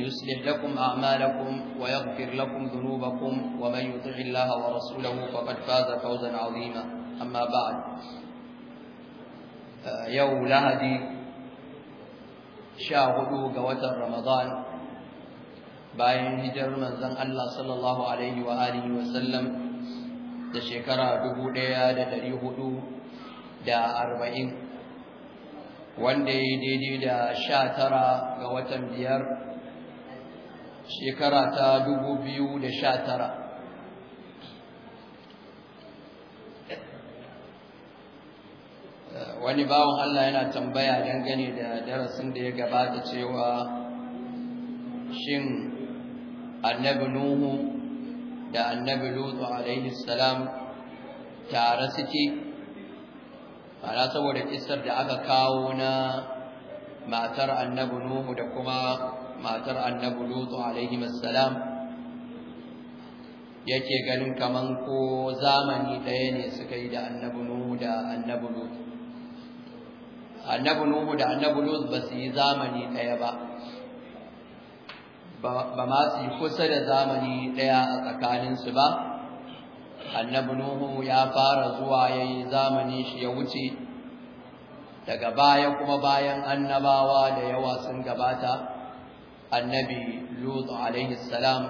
يصلح لكم أعمالكم ويغفر لكم ذنوبكم ومن يطع الله ورسوله فقد فاز فوزا عظيما أما بعد يوم لهدي شاهدوا قوة رمضان bayan hijirar manzon Allah sallallahu alaihi wa alihi wa sallam da shekara 1440 wanda ya daidai da 19 ga watan biyar shekara ta dubu biyu da sha tara, eh, wani bawan Allah yana tambaya dangane da darasin da ya gabata cewa shin annabi Nuhu da annabi Lutu alaihi salam tare suke ana saboda kisar da aka kawo na matar annabi Nuhu da kuma matar annabi lutu alaihi assalam yake ganin kaman ko zamani ɗaya ne suka yi da annabi nuhu da annabi lutu annabi nuhu da annabi lutu ba su yi zamani ɗaya ba ba ma su yi kusa da zamani ɗaya a tsakaninsu ba annabi nuhu ya fara zuwa ya yi zamanin shi ya wuce daga baya kuma bayan annabawa da yawa sun gabata annabi lut alaihi salam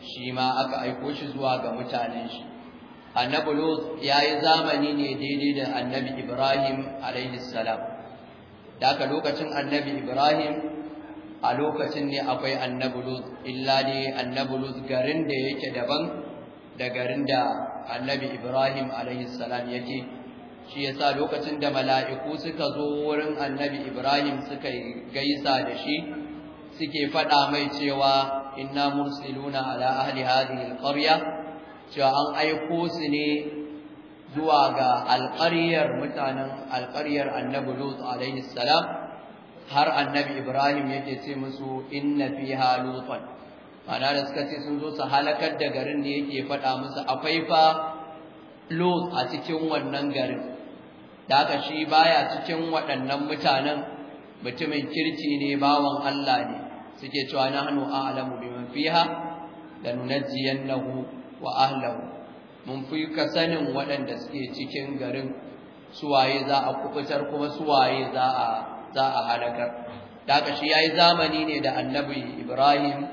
shi ma aka aiko shi zuwa ga mutanen shi annabi lut yayi zamani ne daidai da annabi ibrahim alaihi salam daga lokacin annabi ibrahim a lokacin ne akwai annabi lut illa ne annabi lut garin da yake daban da garin da annabi ibrahim alaihi salam yake shi yasa lokacin da mala'iku suka zo wurin annabi ibrahim suka gaisa da shi suke faɗa mai cewa inna mursiluna ala ahli hadhihi alqarya cewa an aiko su ne zuwa ga alƙaryar mutanen alƙaryar annabi Lut alaihi salam har annabi Ibrahim yake ce musu inna fiha lutan ana da suka ce sun zo su halakar da garin ne yake faɗa musu akwai fa lut a cikin wannan garin da haka shi baya cikin waɗannan mutanen mutumin kirki ne bawan Allah ne suke cewa nahnu a'lamu biman fiha lanunajjiyannahu wa ahlahu mun fi ka sanin waɗanda suke cikin garin suwaye za a kubutar kuma suwaye za a za a halakar daga shi yayi zamani ne da annabi Ibrahim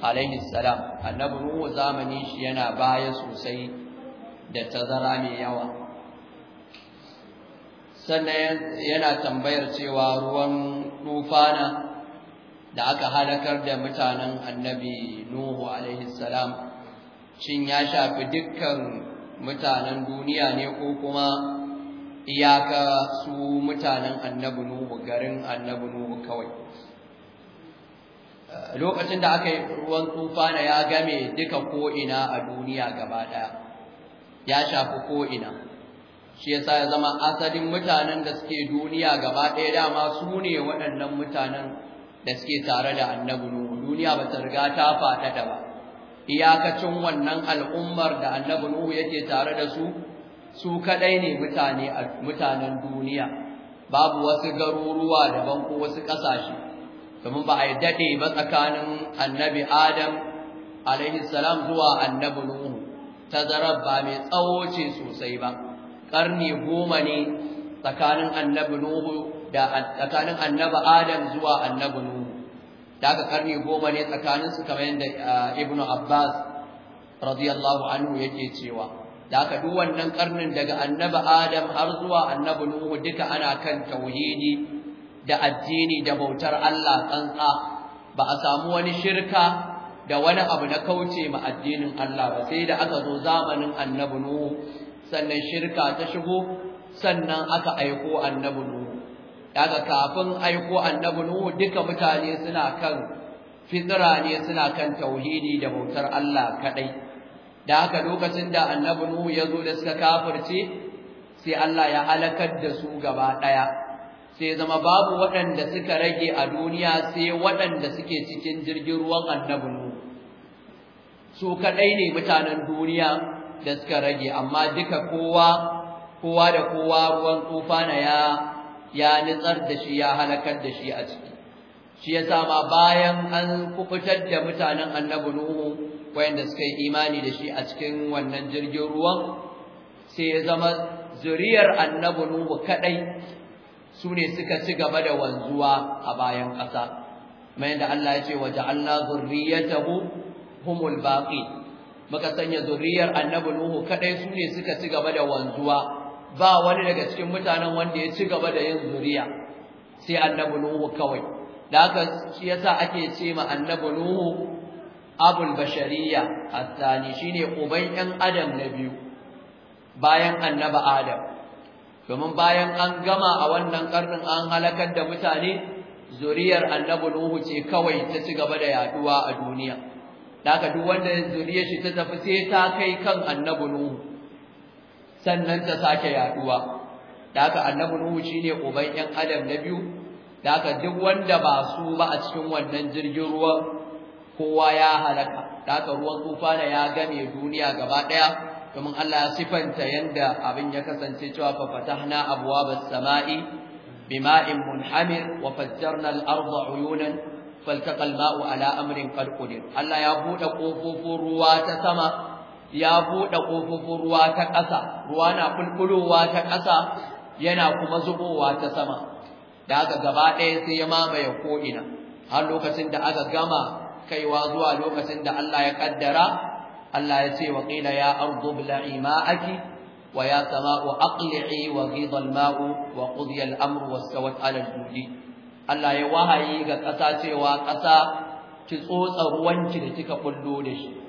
alaihi salam annabi ruwa zamani shi yana baya sosai da tazara mai yawa sannan yana tambayar cewa ruwan tufana da aka halakar da mutanen annabi Nuhu alaihi salam shin ya shafi dukkan mutanen duniya ne ko kuma iyaka su mutanen annabi Nuhu garin annabi Nuhu kawai eh, lokacin da aka yi ruwan tufana ya game duka ko'ina a duniya gaba ɗaya ya shafi ko'ina shi yasa ya zama asalin mutanen da suke duniya gaba ɗaya dama su ne waɗannan mutanen da suke tare da annabi nuhu duniya ba ta riga ta faɗaɗa ba iyakacin wannan al'ummar da annabi nuhu yake tare da su su kadai ne mutane mutanen duniya babu wasu garuruwa daban ko wasu kasashe kuma ba a yi dade ba tsakanin annabi adam alaihi salam zuwa annabi nuhu tazarar ba mai tsawo ce sosai ba ƙarni goma ne tsakanin annabi nuhu da tsakanin annabi Adam zuwa annabi Nuhu daga karni goma ne tsakanin su kamar yadda Ibn Abbas radiyallahu anhu yake cewa daga duk wannan karnin daga annabi Adam har zuwa annabi Nuhu duka ana kan tauhidi da addini da bautar Allah tsantsa ba a samu wani shirka da wani abu na kauce ma addinin Allah ba sai da aka zo zamanin annabi Nuhu sannan shirka ta shigo sannan aka aiko annabi kaga kafin aiko annabi nuhu duka mutane suna kan fitira ne suna kan tauhidi da bautar Allah kadai da haka lokacin da annabi nuhu ya zo da suka kafirce sai Allah ya halakar da su gaba daya sai zama babu waɗanda suka rage a duniya sai waɗanda suke cikin jirgin ruwan annabi su kadai ne mutanen duniya da suka rage amma duka kowa kowa da kowa ruwan tufana ya ya nitsar da shi ya halakar da shi a ciki shi yasa ma bayan an kufutar da mutanen annabi nuhu wayanda suka yi imani da shi a cikin wannan jirgin ruwan sai ya zama zuriyar annabi nuhu kadai ne suka ci gaba da wanzuwa a bayan ƙasa mai da Allah ya ce ja'alna zurriyatahu humul baqi muka sanya zuriyar annabi nuhu kadai sune suka ci gaba da wanzuwa ba wani daga cikin mutanen wanda ya ci gaba da yin zuriya sai annabi nuhu kawai da haka shi yasa ake ce ma annabi nuhu abul bashariya athani shine uban yan adam na biyu bayan annabi adam domin bayan an gama a wannan karnin an halakar da mutane zuriyar annabi nuhu ce kawai ta ci gaba da yaduwa a duniya da haka duk wanda zuriyar shi ta tafi sai ta kai kan annabi nuhu sannan ta sake yaduwa da annabi nuhu shine uban yan adam na biyu da duk wanda ba su ba a cikin wannan jirgin ruwa kowa ya halaka da ruwan tufana ya game duniya gaba daya domin Allah ya sifanta yanda abin ya kasance cewa fa fatahna abwabas samai bima'in munhamir wa fajjarna al-ardha uyunan faltaqa al-ma'u ala amrin qad Allah ya bude kofofin ruwa ta sama ya buɗe ƙofofin ruwa ta ƙasa ruwa na bulbulowa ta ƙasa yana kuma zubowa ta sama da aka gaba ɗaya sai ya mamaye ko'ina har lokacin da aka gama kaiwa zuwa lokacin da Allah ya ƙaddara, Allah ya ce wa ya ardu bla'i ma'aki wa ya sama'u aqli'i wa ghidha mau wa qudiya al-amru wastawat Allah ya wahayi ga ƙasa cewa ƙasa ki tsotsa ruwanki da kika kullo da shi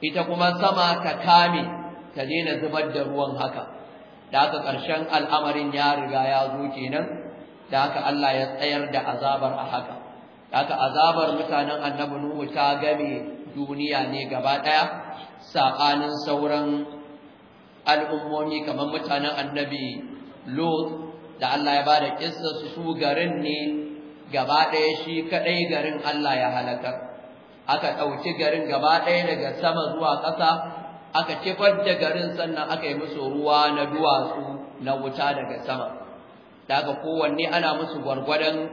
ita kuma sama ta kame ta daina zubar da ruwan haka da aka ƙarshen al'amarin ya riga ya zo kenan da ka Allah ya tsayar da azabar a haka da haka azabar mutanen annabi Nuhu ta game duniya ne gaba ɗaya saƙanin sauran al'ummomi kamar mutanen annabi Lot da Allah ya bada kissa su garin ne gaba ɗaya shi kaɗai garin Allah ya halakar aka ɗauki garin gaba ɗaya daga sama zuwa ƙasa aka kifar da garin sannan aka yi musu ruwa na duwatsu na wuta daga sama daga kowanne ana musu gwargwadon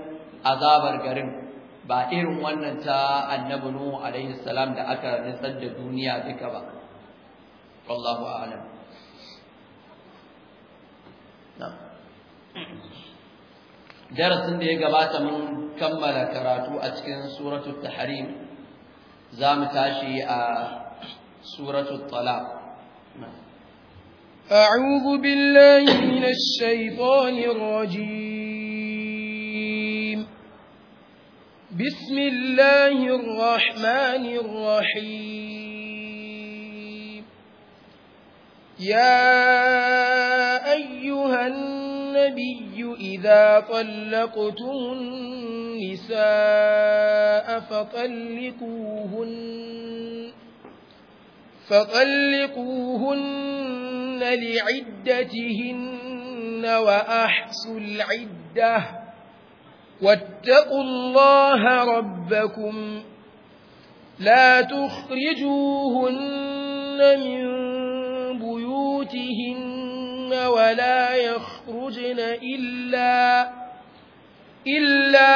azabar garin ba irin wannan ta annabi nuhu alaihi salam da aka nutsar da duniya duka ba wallahu a'lam darasin da ya gabata mun kammala karatu a cikin suratul tahrim زام تاشي آه، سورة الطلاق أعوذ بالله من الشيطان الرجيم بسم الله الرحمن الرحيم يا أيها النبي إذا طلقتم النساء فطلقوهن فطلقوهن لعدتهن وأحسوا العدة واتقوا الله ربكم لا تخرجوهن من بيوتهن ولا يخرجن إلا إلا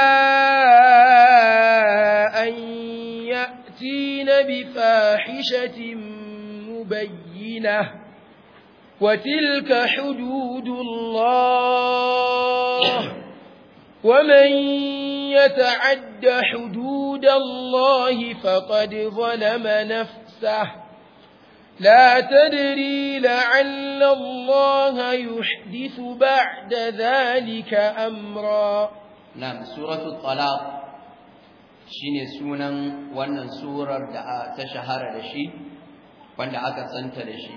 أن يأتين بفاحشة مبينة وتلك حدود الله ومن يتعد حدود الله فقد ظلم نفسه لا تدري لعل الله يحدث بعد ذلك أمرا na suratul talaq shine sunan wannan surar da ta shahara da shi wanda aka santa da shi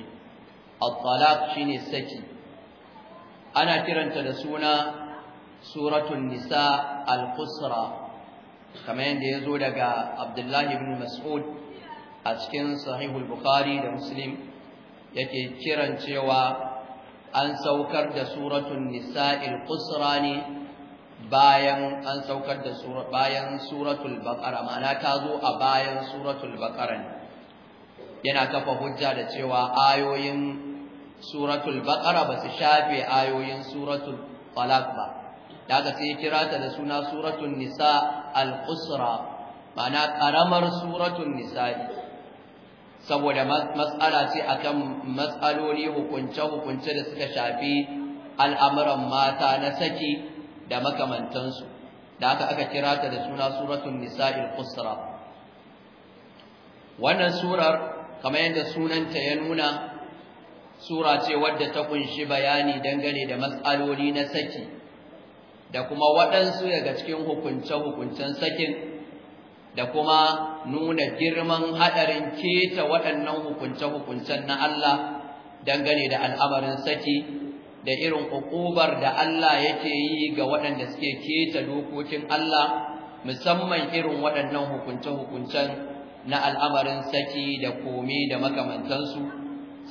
at-talaq shine saki ana kiranta da suna suratun nisa al-qusra kamar yadda ya zo daga abdullahi ibn mas'ud a cikin sahihul bukhari da muslim yake kiran cewa an saukar da suratul nisa'il kusra ne bayan an saukar da sura bayan suratul baqara ma'ana ta zo a bayan suratul baqara ne yana kafa hujja da cewa ayoyin suratul baqara ba su shafe ayoyin suratul talaq ba daga sai kira ta da suna suratul nisa al-usra ma'ana karamar suratul nisa'i saboda mas'ala ce akan mas'aloli hukunce hukunce da suka shafi al'amuran mata na saki da makamantansu da haka aka kira ta da suna suratul nisa'il qusra wannan surar kamar yadda sunanta ya nuna sura ce wadda ta kunshi bayani dangane da matsaloli na saki da kuma waɗansu daga cikin hukunce-hukuncen sakin da kuma nuna girman haɗarin keta waɗannan hukunce-hukuncen na Allah dangane da al'amarin saki da irin hukubar da Allah yake yi ga waɗanda suke keta dokokin Allah musamman irin waɗannan hukunce-hukuncen na al'amarin saki da kome da makamantansu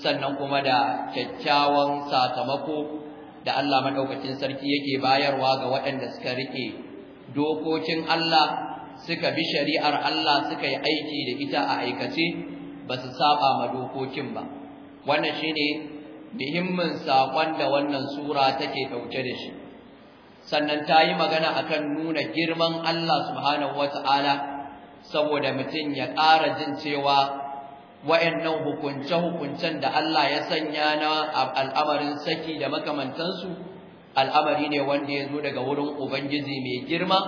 sannan kuma da kyakkyawan sakamako da Allah maɗaukacin sarki yake bayarwa ga waɗanda suka riƙe dokokin Allah suka bi shari'ar Allah suka yi aiki da ita a aikace ba su saba ma dokokin ba wannan shi ne. muhimmin saƙon da wannan sura take ɗauke da shi sannan ta yi magana akan nuna girman Allah subhanahu wata'ala saboda mutum ya ƙara jin cewa wa'annan hukunce-hukuncen da Allah ya sanya na al'amarin saki da makamantansu al'amari ne wanda ya zo daga wurin Ubangiji mai girma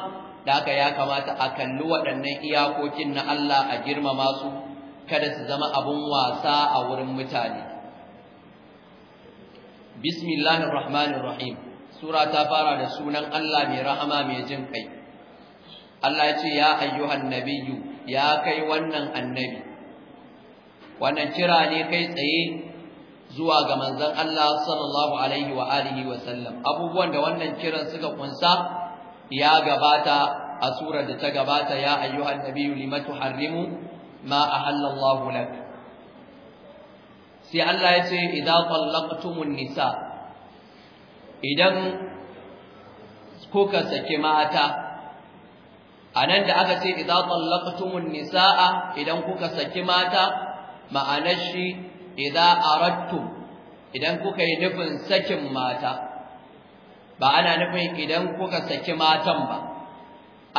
da haka ya kamata a kalli waɗannan iyakokin na Allah a girmama su kada su zama abun wasa a wurin mutane. bismillahir rahmanir sura ta fara da sunan Allah mai rahama mai jin kai Allah ya ce ya ayyuhan nabiyyu ya kai wannan annabi wannan kira ne kai tsaye zuwa ga manzon Allah sallallahu alaihi wa alihi wa sallam abubuwan da wannan kiran suka kunsa ya gabata a surar da ta gabata ya ayyuhan nabiyyu limatu harrimu ma ahallallahu lak sai Allah ya ce idza tallaqtumun nisa idan kuka sake mata anan da aka ce idza tallaqtumun nisaa idan kuka sake mata ma'anar shi idza aradtum idan kuka yi nufin sakin mata ba ana nufin idan kuka saki matan ba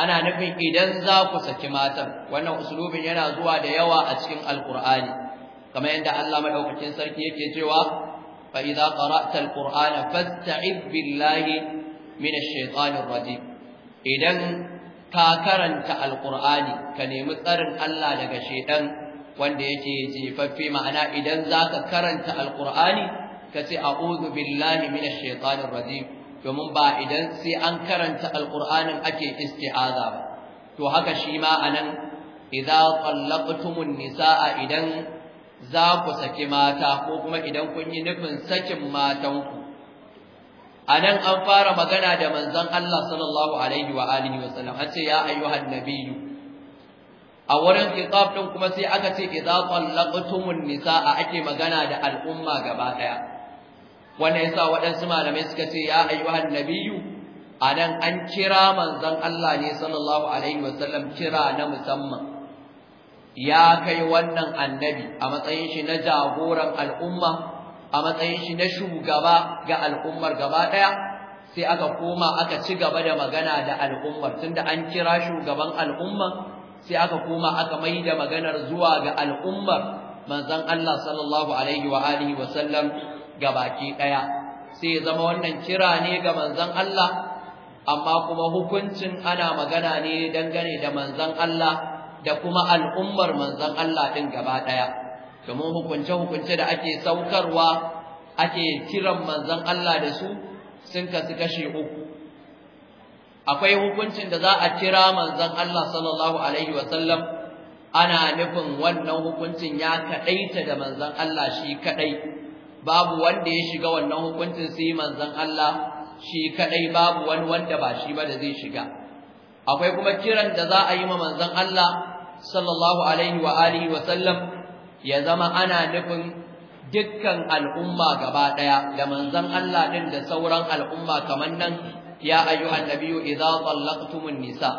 ana nufin idan za ku saki matan wannan uslubin yana zuwa da yawa a cikin alkur'ani kamar yadda Allah madaukakin sarki yake cewa fa idza qara'ta alqur'ana fasta'id billahi minash shaitanir rajim idan ka karanta alqur'ani ka nemi tsarin Allah daga shaitan wanda yake jefaffe ma'ana idan zaka karanta alqur'ani ka ce a'udhu billahi minash shaitanir rajim domin ba idan sai an karanta alqur'anin ake isti'aza ba to haka shi ma anan idza tallaqtumun nisaa idan za ku saki mata ko kuma idan kun yi nufin sakin matanku a nan an fara magana da manzon Allah sallallahu alaihi wa alihi wa sallam an ce ya ayyuhan nabiyyu a wurin kitab din kuma sai aka ce idza tallaqtumun nisaa ake magana da al'umma gaba daya wannan yasa waɗansu malamai suka ce ya ayyuhan nabiyyu a nan an kira manzon Allah ne sallallahu alaihi wa sallam kira na musamman ya kai wannan annabi a matsayin shi na jagoran al'umma a matsayin shi na shugaba ga al'ummar gaba ɗaya sai aka koma aka ci gaba da magana da al'ummar tunda an kira shugaban al'umma sai aka koma aka mai da maganar zuwa ga al'ummar manzon Allah sallallahu alaihi wa alihi wa sallam gabaki ɗaya sai ya zama wannan kira ne ga manzon Allah amma kuma hukuncin ana magana ne dangane da manzon Allah da kuma al'ummar manzon Allah din gaba daya domin hukunce hukunce da ake saukarwa ake kiran manzon Allah da su sun kasu kashe uku akwai hukuncin da za a kira manzon Allah sallallahu alaihi wasallam ana nufin wannan hukuncin ya kadaita da manzon Allah shi kadai babu wanda ya shiga wannan hukuncin sai manzon Allah shi kadai babu wani wanda ba shi ba da zai shiga akwai kuma kiran da za a yi ma manzon Allah sallallahu alaihi wa alihi wa sallam ya zama ana nufin dukkan al'umma gaba daya da manzon Allah din da sauran al'umma kaman nan ya ayyuhan nabiyyu idza tallaqtumun nisa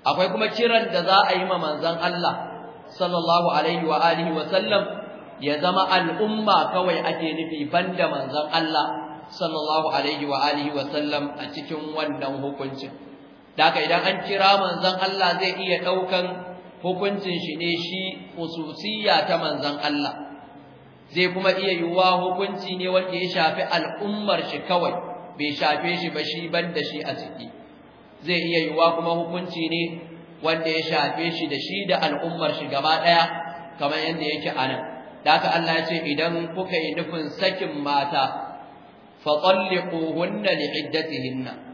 akwai kuma kiran da za a yi ma manzon Allah sallallahu alaihi wa alihi wa sallam ya zama al'umma kawai ake nufi banda manzon Allah sallallahu alaihi wa alihi wa sallam a cikin wannan hukuncin Daka idan an kira manzon Allah zai iya ɗaukan hukuncin shi ne shi khususiyya ta manzon Allah. Zai kuma iya yiwuwa hukunci ne wanda ya shafi al'ummar shi kawai, bai shafe shi ba shi ban da shi a ciki. Zai iya yiwuwa kuma hukunci ne wanda ya shafe shi da shi da al'ummar shi gaba ɗaya kamar yadda yake a nan. Daka Allah ya ce idan kuka yi nufin sakin mata, faƙalliƙuhunna li iddatihinna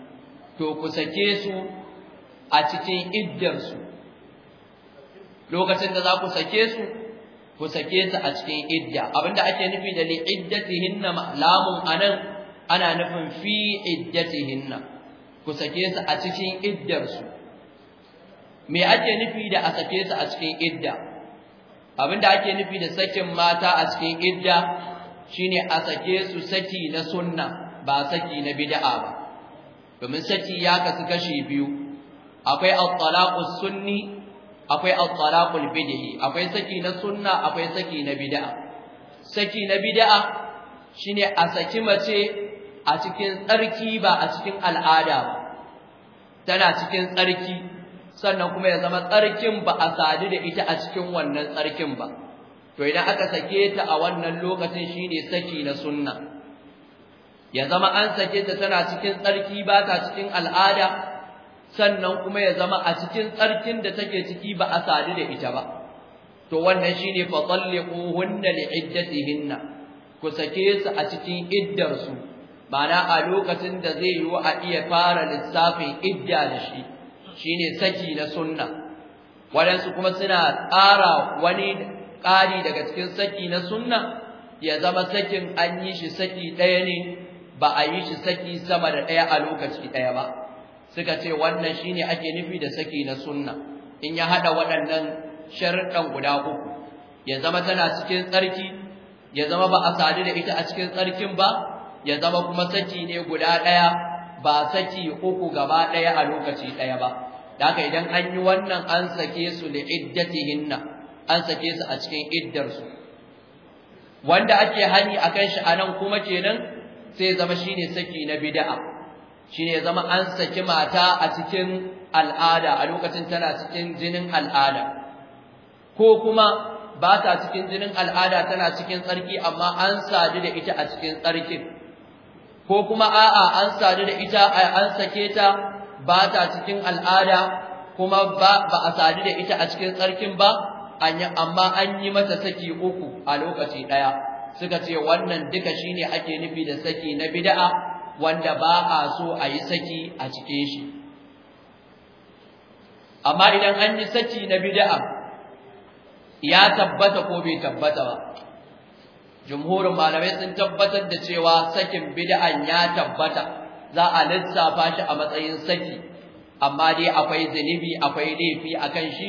to ku sake su a cikin iddarsu lokacin da za ku sake su ku sake su a cikin idda abinda ake nufi da li iddatihinna lamun anan ana nufin fi iddatihinna ku sake su a cikin iddarsu me ake nufi da a sake su a cikin idda abinda ake nufi da sakin mata a cikin idda shine a sake su saki na sunna ba saki na bid'a ba domin saki ya kasu kashi biyu akwai al talaqus sunni akwai al talaqul bid'i akwai saki na sunna akwai saki na bid'a saki na bid'a shine a saki mace a cikin tsarki ba a cikin al'ada ba tana cikin tsarki sannan kuma ya zama tsarkin ba a sadu da ita a cikin wannan tsarkin ba to idan aka sake ta a wannan lokacin shine saki na sunna ya zama an sake ta tana cikin tsarki ba ta cikin al'ada sannan kuma ya zama a cikin tsarkin da take ciki ba a sadu da ita ba to wannan shine fa talliquhunna li'iddatihinna ku sake su a cikin iddar su ma'ana a lokacin da zai yi a iya fara lissafin idda da shi shine saki na sunna waɗansu kuma suna ƙara wani ƙari daga cikin saki na sunna ya zama sakin an yi shi saki ɗaya ne ba a yi shi saki sama da ɗaya a lokaci ɗaya ba suka ce wannan shine ake nufi da saki na sunna in ya haɗa waɗannan sharuɗan guda uku ya zama tana cikin tsarki ya zama ba a sadu da ita a cikin tsarkin ba ya zama kuma saki ne guda ɗaya ba saki uku gaba ɗaya a lokaci ɗaya ba da idan an yi wannan an sake su an sake su a cikin iddarsu wanda ake hani a kan shi a nan kuma kenan sai zama shine saki na bid'a shine zama an saki mata a cikin al'ada a lokacin tana cikin jinin al'ada ko kuma ba ta cikin jinin al'ada tana cikin tsarki amma an sadu da ita a cikin tsarkin ko kuma a'a an sadu da ita an sake ta ba ta cikin al'ada kuma ba ba a sadu da ita a cikin tsarkin ba amma an yi mata saki uku a lokaci daya suka ce wannan duka shine ake nufi da saki na bid'a wanda ba a so a yi saki a cike shi amma idan an yi saki na bid'a ya tabbata ko bai tabbata ba jumhurin malamai sun tabbatar da cewa sakin bid'an ya tabbata za a lissafa shi a matsayin saki amma dai akwai zunubi akwai laifi akan shi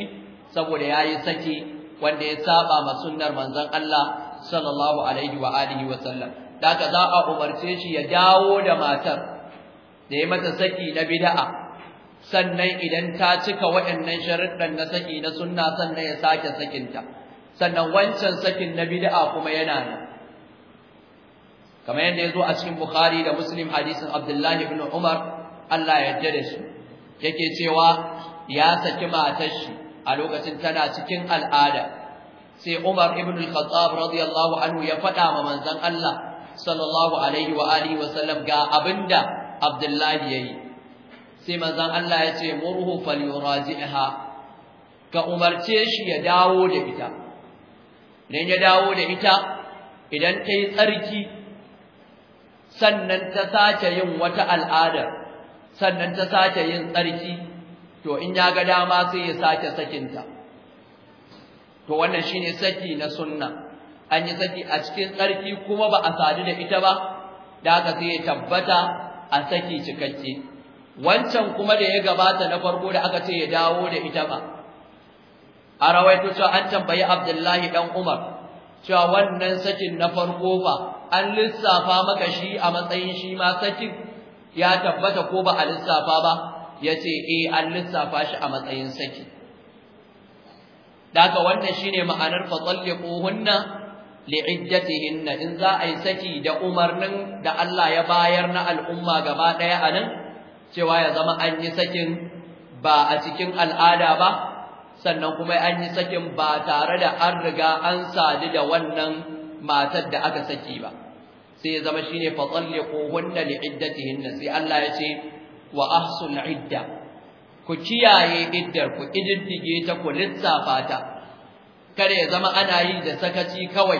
saboda yayi saki wanda ya saba ma sunnar manzon Allah sallallahu alaihi wa alihi wa sallam daga za a umarce shi ya dawo da matar da ya mata saki na bid'a sannan idan ta cika waɗannan sharuɗan na saki na sunna sannan ya sake sakinta sannan wancan sakin na bid'a kuma yana nan kamar yadda ya zo a cikin bukhari da muslim hadisin abdullahi ibn umar allah ya yarda da shi yake cewa ya saki matar shi a lokacin tana cikin al'ada sai Umar ibn al-Khattab radiyallahu anhu ya faɗa ma manzon Allah sallallahu alaihi wa alihi wa sallam ga abinda Abdullahi yayi sai manzon Allah ya ce murhu falyuraji'ha ka umarce shi ya dawo da ita idan ya dawo da ita idan ta yi tsarki sannan ta sace yin wata al'ada sannan ta sace yin tsarki to in ya ga dama sai ya sake sakinta to wannan shine saki na sunna an yi saki a cikin tsarki kuma ba a sadu da ita ba da haka sai ya tabbata a saki cikakke wancan kuma da ya gabata na farko da aka ce ya dawo da ita ba a rawaito cewa an tambayi Abdullahi dan Umar cewa wannan sakin na farko ba an lissafa maka shi a matsayin shi ma sakin ya tabbata ko ba a lissafa ba yace eh an lissafa shi a matsayin saki daga wannan shine ma'anar fa talliquhunna li'iddatihinna in za a yi saki da umarnin da Allah ya bayar na al'umma gaba daya anan cewa ya zama an yi sakin ba a cikin al'ada ba sannan kuma an yi sakin ba tare da an riga an sadu da wannan matar da aka saki ba sai ya zama shine fa talliquhunna li'iddatihinna sai Allah ya ce wa ahsul idda ku kiyaye iddar ku ididdige ta ku lissafa ta kada ya zama ana yi da sakaci kawai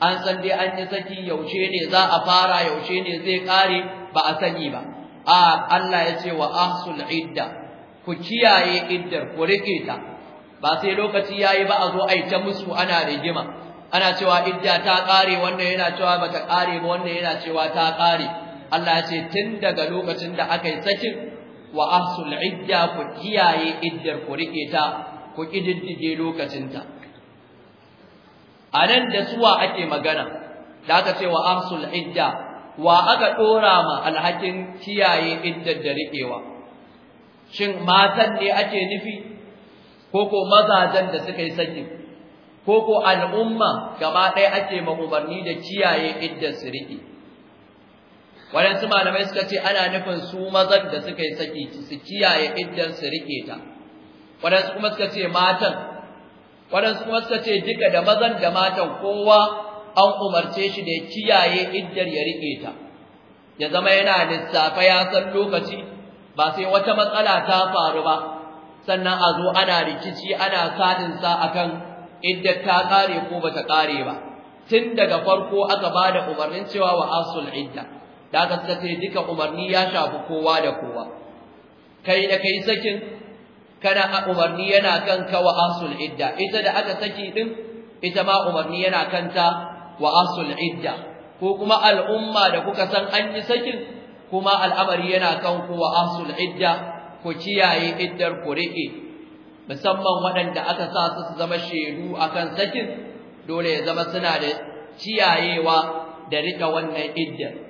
an san dai an yi saki yaushe ne za a fara yaushe ne zai kare ba a sani ba a Allah ya ce wa ahsul idda ku kiyaye iddar ku rike ta ba sai lokaci yayi ba a zo ai ta musu ana rigima ana cewa idda ta kare wannan yana cewa bata kare ba wannan yana cewa ta kare Allah ya ce tun daga lokacin da aka yi sakin wa ahsul idda ku kiyaye iddar ku rike ta ku kididdige lokacinta anan da suwa ake magana da aka ce wa ahsul idda wa aka dora ma alhakin kiyaye iddar da rikewa shin matan ne ake nufi ko ko mazajen da suka yi sakin ko ko al'umma gaba ɗaya ake ma da kiyaye iddar su rike waɗansu malamai suka ce ana nufin su mazan da suka yi saki su kiyaye iddan su rike ta waɗansu kuma suka ce matan waɗansu kuma suka ce duka da mazan da matan kowa an umarce shi da ya kiyaye iddar ya riƙe ta ya zama yana lissafa ya san lokaci ba sai wata matsala ta faru ba sannan a zo ana rikici ana sa akan idda ta kare ko bata kare ba tun daga farko aka bada umarnin cewa wa asul iddah da ka suka duka umarni ya shafi kowa da kowa kai da kai sakin kana umarni yana kan ka wa asul idda ita da aka saki din ita ma umarni yana kanta wa asul idda ko kuma al'umma da kuka san an yi sakin kuma al'amari yana kan ku wa asul idda ku kiyaye iddar ku riƙe musamman waɗanda aka sa su su zama shaidu akan sakin dole ya zama suna da ciyayewa da riƙa wannan iddar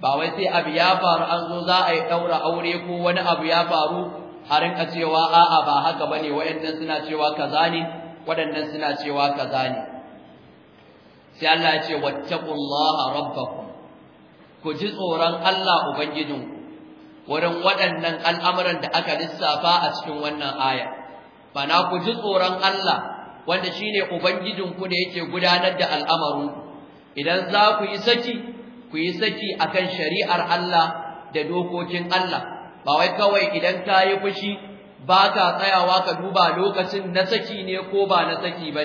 ba wai sai abu ya faru an zo za a yi daura aure ko wani abu ya faru har in cewa a'a ba haka bane wayannan suna cewa kaza ne wadannan suna cewa kaza ne sai Allah ya ce wattaqullaha rabbakum ku ji tsoron Allah ubangijinku wurin waɗannan al'amuran da aka lissafa a cikin wannan aya bana ku ji tsoron Allah wanda shine ubangijinku da yake gudanar da al'amarinku idan za ku yi saki ku yi saki akan shari'ar Allah da dokokin Allah ba wai kawai idan ka yi fushi ba ka tsayawa ka duba lokacin na saki ne ko ba na saki ba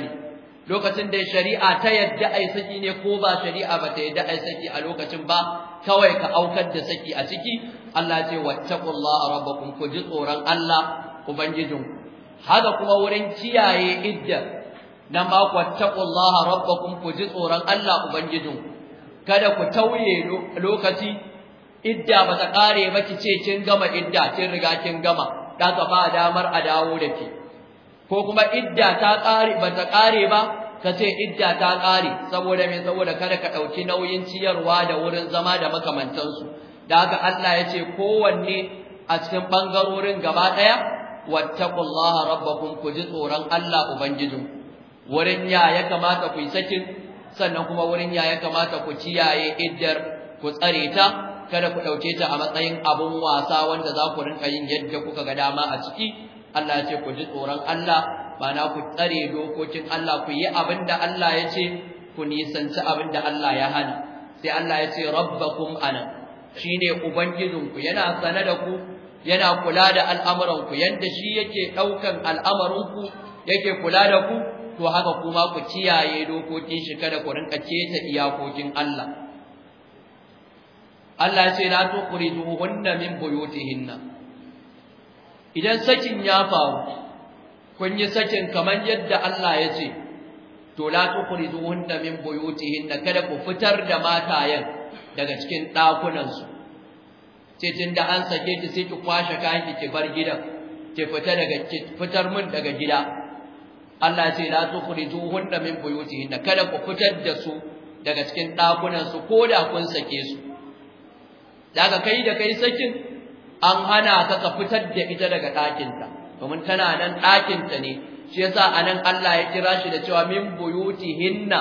lokacin da shari'a ta yadda ai saki ne ko ba shari'a ba ta yadda ai saki a lokacin ba kawai ka aukar da saki a ciki Allah ce wattaqullaha rabbakum ku ji tsoron Allah ubangijin haka kuma wurin kiyaye idda nan ma wattaqullaha rabbakum ku ji tsoron Allah ku. kada ku tauye lokaci idda ba ta kare ba ki ce kin gama idda kin riga kin gama da ka ba damar a dawo da ke ko kuma idda ta kare ba ta kare ba ka ce idda ta kare saboda me saboda kada ka dauki nauyin ciyarwa da wurin zama da makamantansu da haka Allah ya ce kowanne a cikin bangarorin gaba daya wattaqullaha rabbakum ku ji tsoron Allah ubangijin wurin ya ya kamata ku yi sakin sannan kuma wurin ya ya kamata ku ciyaye iddar ku tsare ta kada ku ɗauke ta a matsayin abun wasa wanda za ku rinka yin yadda kuka ga dama a ciki Allah ya ce ku ji tsoron Allah na ku tsare dokokin Allah ku yi abin da Allah ya ce ku nisanci abin da Allah ya hana sai Allah ya ce rabbakum ana shine ubangijinku yana sane da ku yana kula da al'amuranku yadda shi yake ɗaukan al'amuranku yake kula da ku to haka kuma ku kiyaye dokokin shi kada ku rinka keta iyakokin Allah Allah ce la hunna min buyutihinna idan sakin ya faru kun yi sakin kamar yadda Allah ya ce to la hunna min buyutihinna kada ku fitar da matayen daga cikin ɗakunansu, su tun da an sake ki sai ki kwashe kayan ki ki bar gidan ki fita daga ki fitar mun daga gida Allah ce la tukhrijuhunna min buyutihinna kada ku fitar da su daga cikin dakunan su da kun sake su daga kai da kai sakin an hana ka ka fitar da ita daga ɗakin domin tana nan ɗakinta ne shi yasa anan Allah ya kira shi da cewa min buyutihinna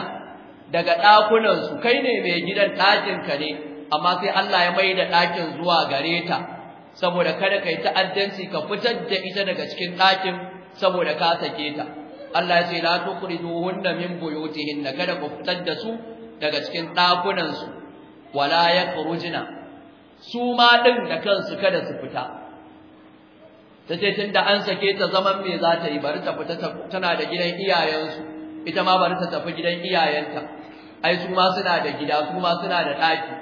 daga dakunan su kai ne mai gidan ɗakinka ne amma sai Allah ya mai da ɗakin zuwa gare ta saboda kada kai ta'addanci ka fitar da ita daga cikin ɗakin saboda ka sake ta Allah ya ce la tukriduhunna min buyutihinna kada ku fitar da su daga cikin dakunan su wala yakhrujna su ma din da kansu kada su fita tace tunda an sake ta zaman me za ta yi bari ta fita tana da gidan iyayensu ita ma bari ta tafi gidan iyayenta ai su ma suna da gida su ma suna da daki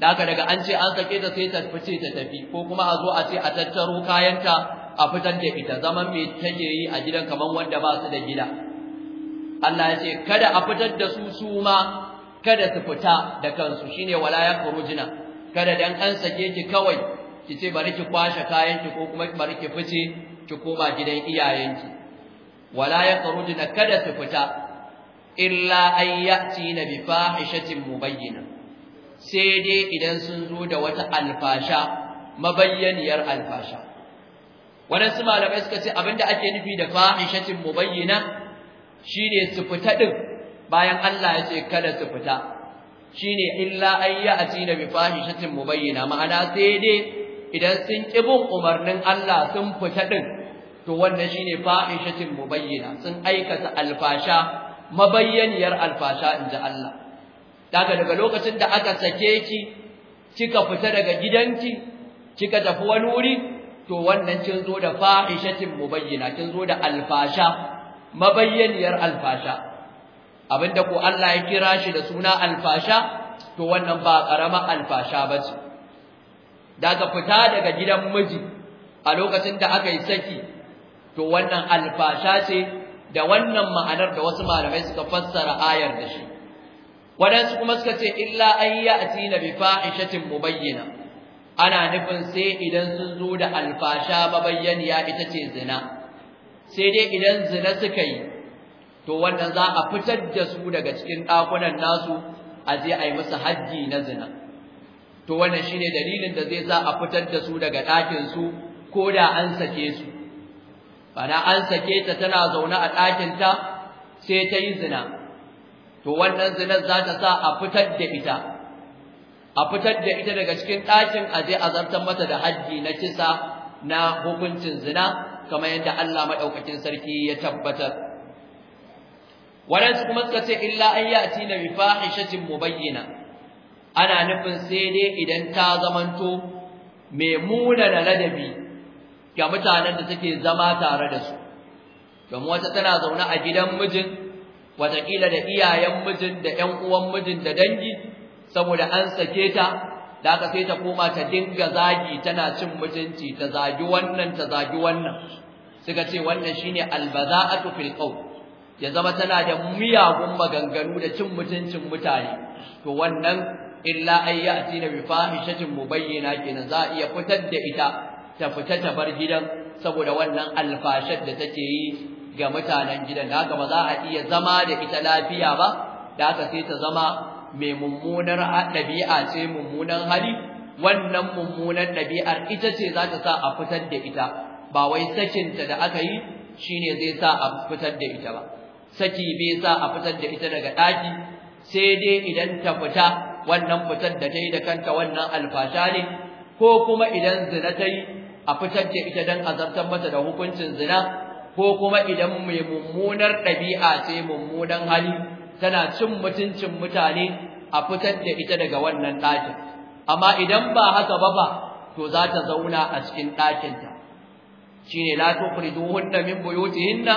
daga daga an ce an sake ta sai ta fice ta tafi ko kuma a zo a ce a tattaro kayanta a fitar da ita zaman mai take yi a gidan kaman wanda ba su da gida Allah ya ce kada a fitar da su su ma kada su fita da kansu shine wala yakhrujna kada dan an sake ki kawai ki ce bari ki kwashe kayan ki ko kuma bari ki fice ki koma gidan iyayenki wala yakhrujna kada su fita illa ay na bi fahishatin mubayyina sai dai idan sun zo da wata alfasha mabayyaniyar alfasha waɗansu malamai suka ce abinda ake nufi da fahishatin mubayyana shine su fita din bayan Allah ya ce kada su fita shine illa ayya atina bi fahishatin mubayyana ma'ana sai dai idan sun kibin umarnin Allah sun fita din to wannan shine fahishatin mubayyana sun aikata alfasha mabayyaniyar alfasha inda Allah daga daga lokacin da aka sake ki kika fita daga gidanki kika tafi wani wuri to wannan kin zo da fahishatin mubayyana kin zo da alfasha mabayyaniyar alfasha abinda ko Allah ya kira shi da suna alfasha to wannan ba karama alfasha bace daga fita daga gidan miji a lokacin da aka yi saki to wannan alfasha ce da wannan ma'anar da wasu malamai suka fassara ayar da shi wadansu kuma suka ce illa ayyati ya'ti na bi fahishatin mubayyana ana nufin sai idan sun zo da alfasha mabayyaniya ita ce zina sai dai idan zina suka yi to wannan za a fitar da su daga cikin ɗakunan nasu a je a yi musu hajji na zina to wannan shine dalilin da zai sa a fitar da su daga ɗakinsu su ko da an sake su bana an sake ta tana zaune a ɗakin ta sai ta yi zina to wannan zinar za ta sa a fitar da ita a fitar da ita daga cikin ɗakin je a zartar mata da hajji na kisa na hukuncin zina kamar yadda Allah maɗaukakin sarki ya tabbatar waɗansu kuma suka ce illa an yi a tina bi mu bayyana, ana nufin sai dai idan ta zamanto mai munana ladabi ga mutanen da suke zama tare da su domin wata tana zaune a gidan mijin wataƙila da iyayen mijin da 'yan uwan mijin da dangi saboda an sake ta da aka sai ta koma ta dinga zagi tana cin mutunci ta zagi wannan ta zagi wannan suka ce wannan shine albaza'atu fil qawl ya zama tana da miyagun maganganu da cin mutuncin mutane to wannan illa ayyati na bi fahishatin mubayyana kenan za iya fitar da ita ta fita ta bar gidan saboda wannan alfashar da take yi ga mutanen gidan haka ba za a iya zama da ita lafiya ba da haka sai ta zama mai mummunar ɗabi'a ce mummunan hali wannan mummunar ɗabi'ar ita ce za ta sa a fitar da ita ba wai sakinta da aka yi shi ne zai sa a fitar da ita ba saki bai sa a fitar da ita daga ɗaki sai dai idan ta fita wannan fitar da ta yi da kanta wannan alfasha ne ko kuma idan zina ta yi a fitar da ita don azartar mata da hukuncin zina ko kuma idan mai mummunar ɗabi'a sai mummunan hali tana cin mutuncin mutane a fitar da ita daga wannan ɗakin amma idan ba haka ba ba to za ta zauna a cikin ɗakinta shine la tukhrijuhunna min buyutihinna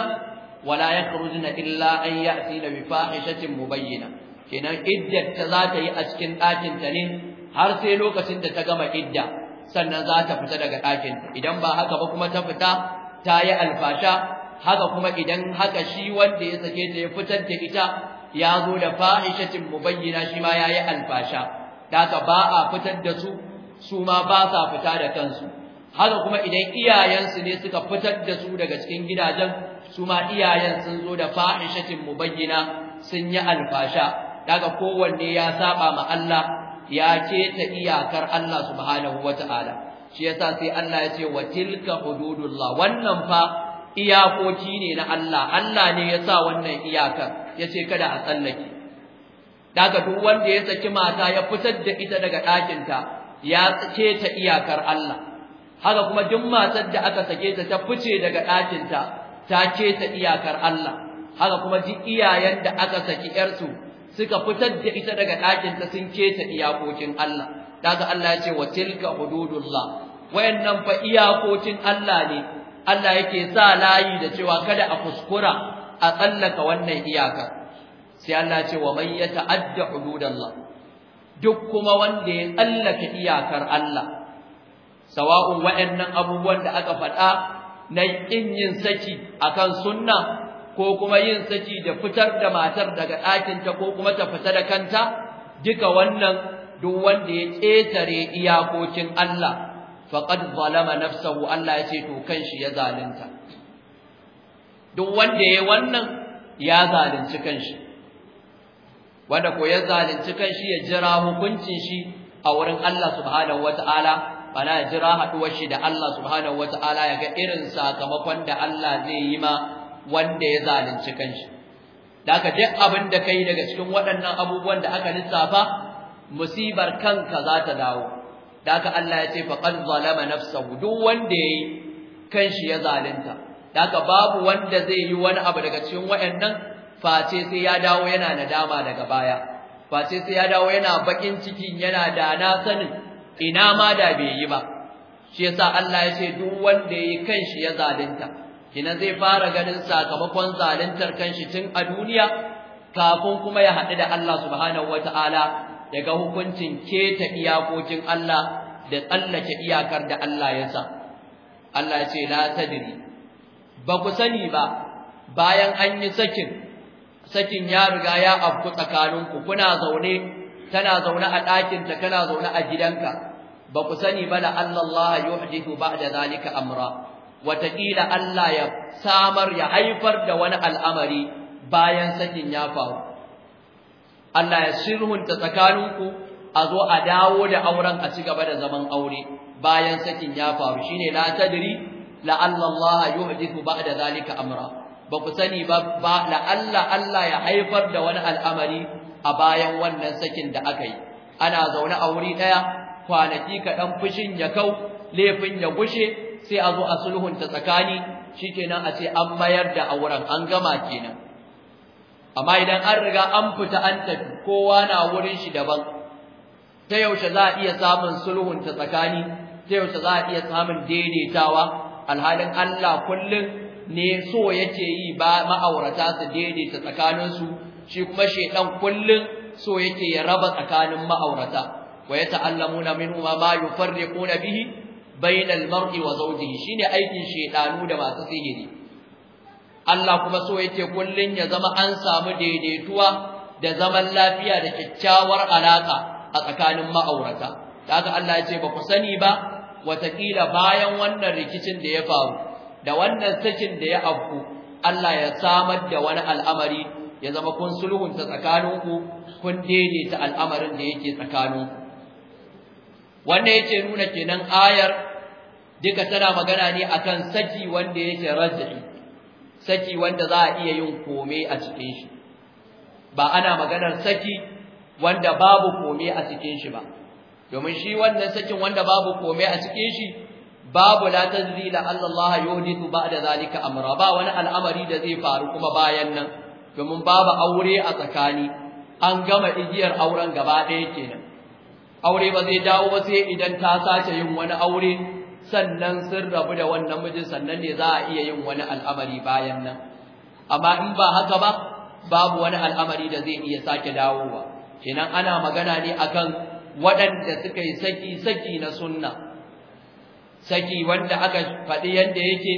wala na illa an ya'tina bi mu bayyana. kenan iddar ta za ta yi a cikin ɗakinta ne har sai lokacin da ta gama idda sannan za ta fita daga ɗakinta. idan ba haka ba kuma ta fita ta yi alfasha haka kuma idan haka shi wanda ya sake ta ya fitar da ita ya zo da fahishatin mubayyana shi ma yayi alfasha daga ba a fitar da su su ma ba sa fita da kansu haka kuma idan iyayensu ne suka fitar da su daga cikin gidajen su ma iyayen sun zo da fahishatin mubayyana sun yi alfasha daga kowanne ya saba ma Allah ya keta iyakar Allah subhanahu wataala shi yasa sai Allah ya ce wa tilka hududullah wannan fa iyakoki ne na Allah Allah ne ya sa wannan iyakar ya ce kada a tsallake daga duk wanda ya saki mata ya fitar da ita daga ɗakinta ya keta iyakar Allah haka kuma duk matar da aka sake ta ta fice daga ɗakinta ta keta iyakar Allah haka kuma duk iyayen da aka saki ƴarsu suka fitar da ita daga ɗakinta sun keta iyakokin Allah daga Allah ya ce wa tilka hududullah wayannan fa iyakokin Allah ne Allah yake sa layi da cewa kada a kuskura a tsallaka wannan iyakar. sai Allah ce wa man yata'adda hududallah duk kuma wanda ya tsallaka iyakar Allah sawa'un wa'annan abubuwan da aka faɗa na kin yin saki akan sunna ko kuma yin saki da fitar da matar daga ɗakinta ko kuma ta fita da kanta duka wannan duk wanda ya tsetare iyakokin Allah faqad zalama nafsahu Allah yace to kanshi ya zalunta duk wanda yayi wannan ya zalunci kanshi wanda ko ya zalunci kanshi ya jira hukuncin shi a wurin Allah subhanahu wataala bana jira haɗuwar shi da Allah subhanahu wataala ya ga irin sakamakon da Allah zai yi ma wanda ya zalunci kanshi da ka je abin da kai daga cikin waɗannan abubuwan da aka lissafa musibar kanka za ta dawo da haka Allah ya ce faqad zalama nafsahu duk wanda yayi kanshi ya zalunta da haka babu wanda zai yi wani abu daga cikin wayannan face sai ya dawo yana nadama daga baya face sai ya dawo yana bakin ciki yana da na sanin ina ma da bai yi ba shi yasa Allah ya ce duk wanda yayi kanshi ya zalunta kina zai fara ganin sakamakon zaluntar kanshi tun a duniya kafin kuma ya haɗu da Allah subhanahu wataala ya ga hukuncin keta iyakokin Allah da tsallake iyakar da Allah ya sa Allah ya ce la tadri ba ku sani ba bayan an yi sakin sakin ya riga ya afku tsakaninku kuna zaune tana zaune a ɗakinta kana zaune a gidanka ba ku sani ba la'alla Allah ba da zalika amra wataƙila Allah ya samar ya haifar da wani al'amari bayan sakin ya faru Allah ya sirhunta tsakaninku a zo a dawo da auren a ci gaba da zaman aure bayan sakin ya faru shine la tadri la alla Allah ba da zalika amra ba ku sani ba la Allah ya haifar da wani al'amari a bayan wannan sakin da aka yi ana zaune a wuri ɗaya kwanaki kaɗan fushin ya kau laifin ya gushe sai a zo a sulhunta tsakani shi kenan a ce an mayar da auren an gama kenan amma idan an riga an fita an tafi kowa na wurin shi daban ta yaushe za a iya samun sulhun ta tsakani ta yaushe za a iya samun daidaitawa alhalin Allah kullum ne so yake yi ba ma'aurata su daidaita tsakaninsu shi kuma shedan kullum so yake ya raba tsakanin ma'aurata wa yata'allamuna minhu ma yufarriquna bihi bainal mar'i wa zawjihi shine aikin shedanu da masu sihiri Allah kuma so yake kullun ya zama an samu daidaituwa da zaman lafiya da kyakkyawar alaka a tsakanin ma'aurata kaga Allah ya ce ba ku sani ba watakila bayan wannan rikicin da ya faru da wannan sakin da ya afku Allah ya samar da wani al'amari ya zama kun sulhunta tsakaninku kun daidaita al'amarin da yake tsakaninku wanda yake nuna kenan ayar duka tana magana ne akan saki wanda yake raj'i saki wanda za a iya yin kome a cikin shi ba ana maganar saki wanda babu kome a cikin shi ba domin shi wannan sakin wanda babu kome a cikin shi babu la tazila Allah yuhdithu ba'da zalika amra ba wani al'amari da zai faru kuma bayan nan domin babu aure a tsakani an gama igiyar auren gaba ɗaya kenan aure ba zai dawo ba sai idan ta sace yin wani aure sannan sun rabu da wannan mijin sannan ne za a iya yin wani al'amari bayan nan amma in ba haka ba babu wani al'amari da zai iya sake dawowa kenan ana magana ne akan waɗanda suka yi saki saki na sunna saki wanda aka faɗi yadda yake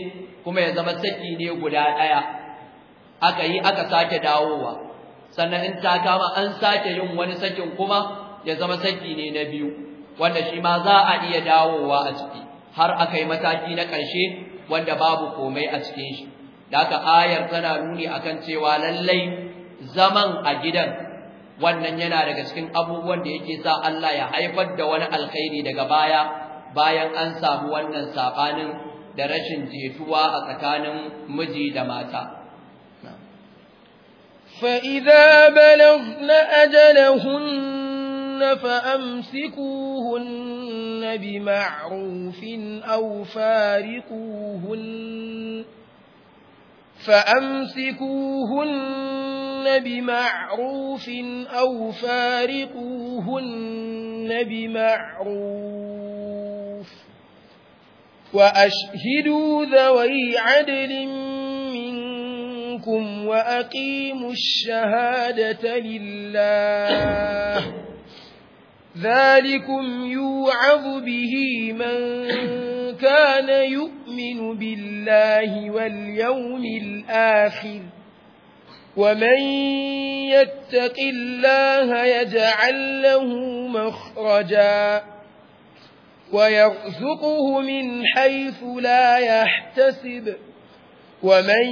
kuma ya zama saki ne guda ɗaya aka yi aka sake dawowa sannan in ta kama an sake yin wani sakin kuma ya zama saki ne na biyu wanda shi ma za a iya dawowa a ciki har aka yi mataki na ƙarshe wanda babu komai a cikin shi da aka ayar tana nuni akan cewa lallai zaman a gidan wannan yana daga cikin abubuwan da yake sa Allah ya haifar da wani alkhairi daga baya bayan an samu wannan saɓanin da rashin jituwa a tsakanin miji da mata فإذا بلغن أجلهن فأمسكوهن فأمسكوهن بمعروف أو فارقوهن فأمسكوهن بمعروف أو فارقوهن بمعروف وأشهدوا ذوي عدل منكم وأقيموا الشهادة لله ذلكم يوعظ به من كان يؤمن بالله واليوم الآخر ومن يتق الله يجعل له مخرجا ويرزقه من حيث لا يحتسب ومن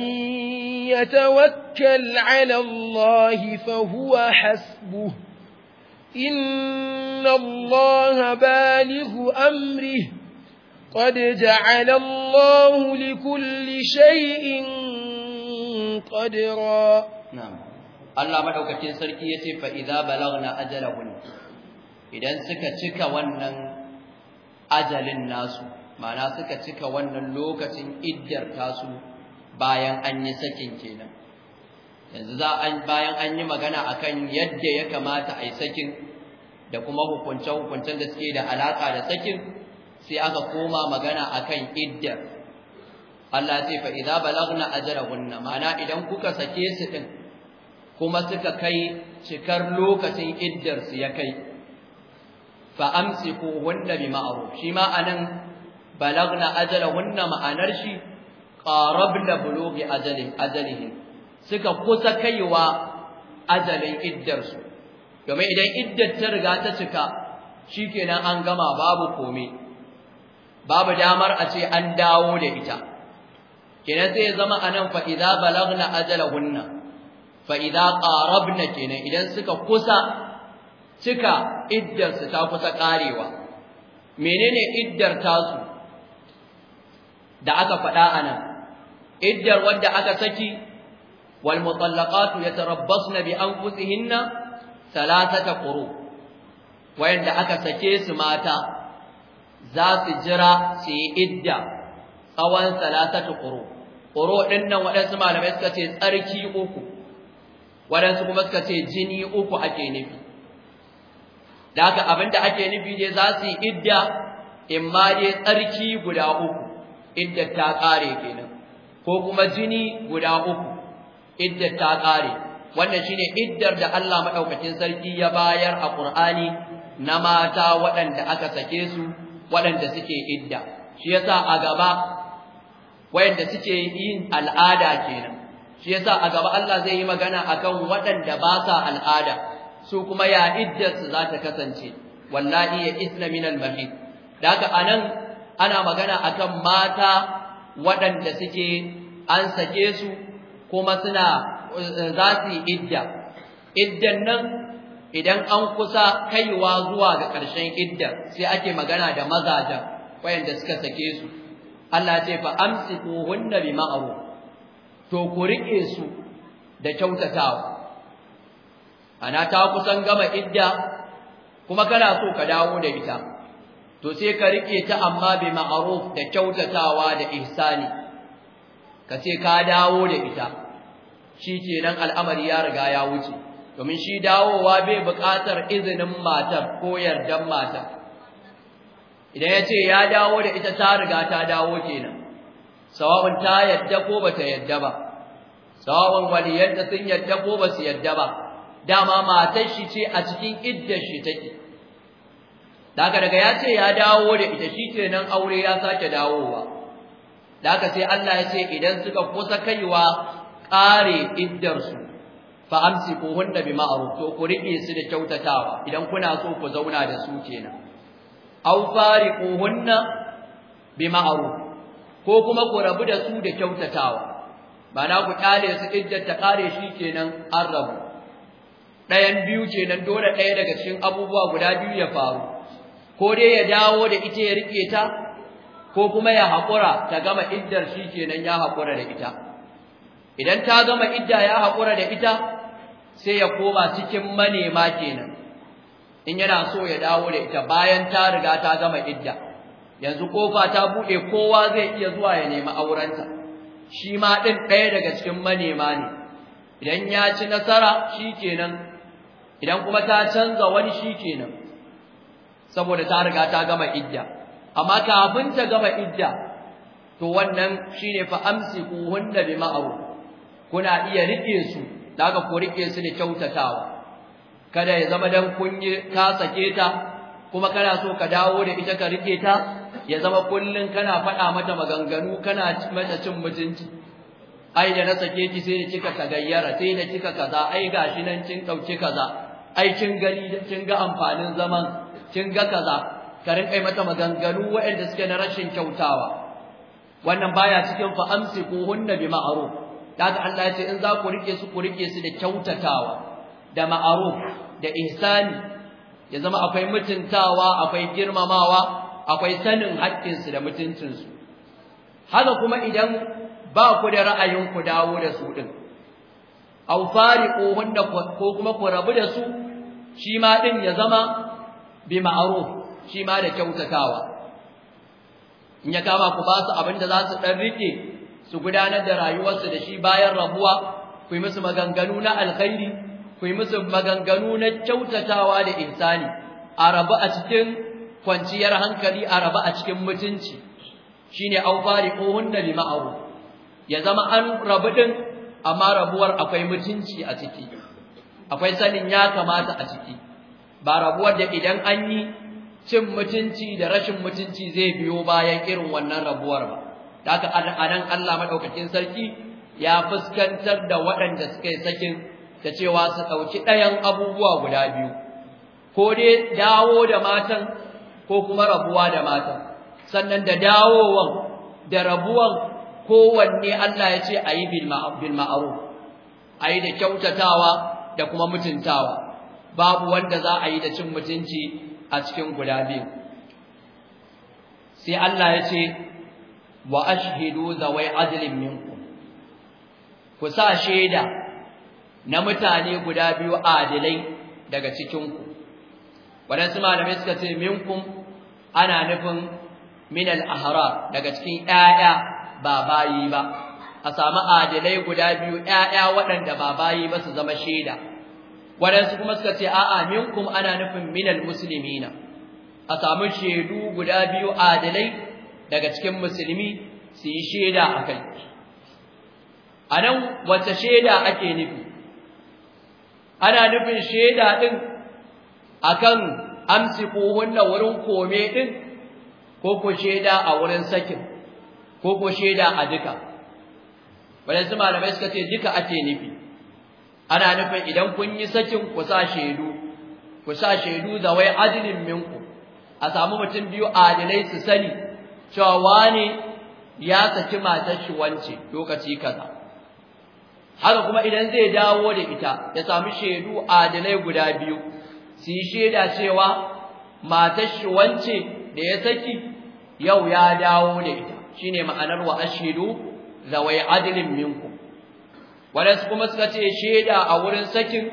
يتوكل على الله فهو حسبه إن الله بالغ أمره قد جعل الله لكل شيء قدرا نعم الله مدوكتين سركي يتي فإذا بلغنا أجلهن idan suka cika wannan ajalin nasu ma'ana suka cika wannan lokacin iddar tasu bayan an yi sakin kenan yanzu za an bayan an yi magana akan yadda ya kamata a yi sakin da kuma hukuncen hukuncen da suke da alaƙa da sakin sai aka koma magana akan idda Allah sai fa idza balagna ajrahun ma'ana idan kuka sake su din kuma suka kai cikar lokacin iddar su ya kai fa amsiku wanda bi ma'ruf shi ma anan balagna ajrahun ma'anar shi qarabna bulughi ajalihi suka kusa kaiwa ajalin iddarsu domin idan iddar ta riga ta cika shi kenan an gama babu komai babu damar a ce an dawo da ita kenan zai zama anan fa idza balagna ajalahunna fa idza qarabna kenan idan suka kusa cika iddarsu ta kusa ƙarewa. menene iddar tasu da aka faɗa anan iddar wanda aka saki wal mutallaqatu yatarabbasna bi anfusihinna thalathata quru wayanda aka sake su mata za su jira su yi idda tsawon thalathata quru quru din nan wadansu malamai suka ce tsarki uku wadansu kuma suka ce jini uku ake nufi da haka abinda ake nufi ne za su yi idda imma tsarki guda uku ta ƙare kenan ko kuma jini guda uku iddar ta ƙare wannan shine iddar da Allah madaukakin sarki ya bayar a Qur'ani na mata waɗanda aka sake su waɗanda suke idda shi yasa a gaba waɗanda suke yin al'ada kenan shi yasa a gaba Allah zai yi magana akan waɗanda ba sa al'ada su kuma ya iddar su za ta kasance wallahi ya isna min al-mahid da haka anan ana magana akan mata waɗanda suke an sake su kuma suna eh, za su yi idda iddan nan idan an kusa kaiwa zuwa ga ƙarshen idda sai ake magana da mazajen wayanda suka sake su Allah ce fa amsi amsikuhunna bi ma'aru, to ku riƙe su da kyautatawa ana ta kusan gama idda kuma kana so ka dawo da ita to sai ka riƙe ta amma bi ma'aruf da kyautatawa da ihsani ka ce ka dawo da ita shi nan al'amari ya riga ya wuce domin shi dawowa bai buƙatar izinin matar ko yardan matar idan ya ce ya dawo da ita ta riga ta dawo kenan sawa'un ta yadda ko ba ta yadda ba sawa'un yadda sun yadda ko ba su yadda ba dama matar shi ce a cikin iddar shi take daga daga ya ya dawo da ita shi nan aure ya sake dawowa daka sai Allah ya ce idan suka kusa kaiwa Kare iddarsu fa amsiku hunda bi ma'ruf to ku rike su da kyautatawa idan kuna so ku zauna da su kenan aw fariqu hunna bi ma'ruf ko kuma ku rabu da su da kyautatawa ba na ku kare su iddar ta kare shi kenan an rabu ɗayan biyu kenan dole ɗaya daga cikin abubuwa guda biyu ya faru ko dai ya dawo da ita ya rike ta ko kuma ya haƙura ta gama iddar shi kenan ya hakura da ita idan ta gama idda ya haƙura da ita sai ya koma cikin manema kenan in yana so ya dawo da ita bayan ta riga ta gama idda yanzu kofa ta buɗe kowa zai iya zuwa ya nemi aurenta shi ma ɗin ɗaya daga cikin manema ne idan ya ci nasara shi kenan idan kuma ta canza wani shi kenan saboda ta riga ta gama idda amma kafin ta gama idda to wannan shine fa ku hunna bi kuna iya riƙe su da ka ko rike su da kyautatawa kada ya zama dan kun yi ka sake ta kuma kana so ka dawo da ita ka rike ta ya zama kullun kana faɗa mata maganganu kana mata cin mutunci ai da na sake ki sai da kika tagayyara sai da kika kaza ai gashi nan kin dauke kaza ai kin gani kin ga amfanin zaman kin ga kaza ka rinka mata maganganu waɗanda suke na rashin kyautawa wannan baya cikin fa ko hunna bi ma'ruf kaga Allah ya in za ku rike su ku rike su da kyautatawa da ma'aruf da ihsani ya zama akwai mutuntawa akwai girmamawa akwai sanin su da su haka kuma idan ba ku da ra'ayin ku dawo da su din aw fariqu wanda ko kuma ku rabu da su shi ma din ya zama bi ma'ruf shi ma da kyautatawa in ya kama ku ba su abin da za su dan rike su gudanar da rayuwarsu da shi bayan rabuwa ku yi musu maganganu na alkhairi ku yi musu maganganu na kyautatawa da insani a rabu a cikin kwanciyar hankali a rabu a cikin mutunci shine au fariquhunna bima'ruf ya zama an rabu din amma rabuwar akwai mutunci a ciki akwai sanin ya kamata a ciki ba rabuwar da idan an yi cin mutunci da rashin mutunci zai biyo bayan irin wannan rabuwar ba da anan Allah madaukakin sarki ya fuskantar da waɗanda suka yi sakin da cewa su ɗauki ɗayan abubuwa guda biyu ko dai dawo da matan ko kuma rabuwa da matan sannan da dawowan da rabuwan kowanne Allah ya ce a yi bil ma'ruf a yi da kyautatawa da kuma mutuntawa babu wanda za a yi da cin mutunci a cikin guda biyu sai Allah ya ce wa ashhidu zawai adlin minkum ku sa shaida na mutane guda biyu adilai daga cikinku waɗansu malamai suka ce minkum ana nufin min al-ahrar daga cikin ƴaƴa ba ba a samu adilai guda biyu ƴaƴa waɗanda babayi ba su zama shaida waɗansu kuma suka ce a'a minkum ana nufin min al-muslimina a samu shaidu guda biyu adilai daga cikin musulmi su yi shaida a kai a nan wace shaida ake nufi ana nufin shaida ɗin a kan amsikuhunna wurin kome ɗin ko ku shaida a wurin sakin ko ku shaida a duka da malamai suka ce duka ake nufi ana nufin idan kun yi sakin ku sa shaidu ku sa shaidu zawai wai adilin minku a samu mutum biyu adilai su sani cewa wani ya saki matar shi wance lokaci kaza haka kuma idan zai dawo da ita ya sami shaidu adalai guda biyu su yi shaida cewa matar shi wance da ya saki yau ya dawo da ita shine ma'anar wa ashidu zawai adalin minku waɗansu kuma suka ce shaida a wurin sakin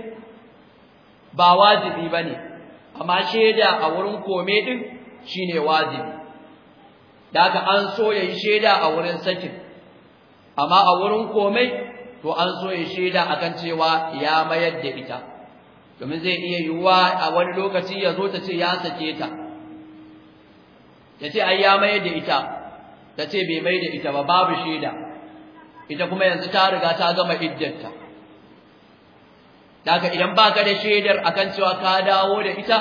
ba wajibi ba ne amma shaida a wurin kome ɗin shine wajibi da an so ya yi shaida a wurin sakin amma a wurin komai to an so ya shaida akan cewa ya mayar da ita domin zai iya yiwuwa a wani lokaci ya zo ta ce ya sake ta ya ce ai ya mayar da ita ta ce bai mai da ita ba babu shaida ita kuma yanzu ta riga ta gama iddarta Daga idan baka da shaidar akan cewa ka dawo da ita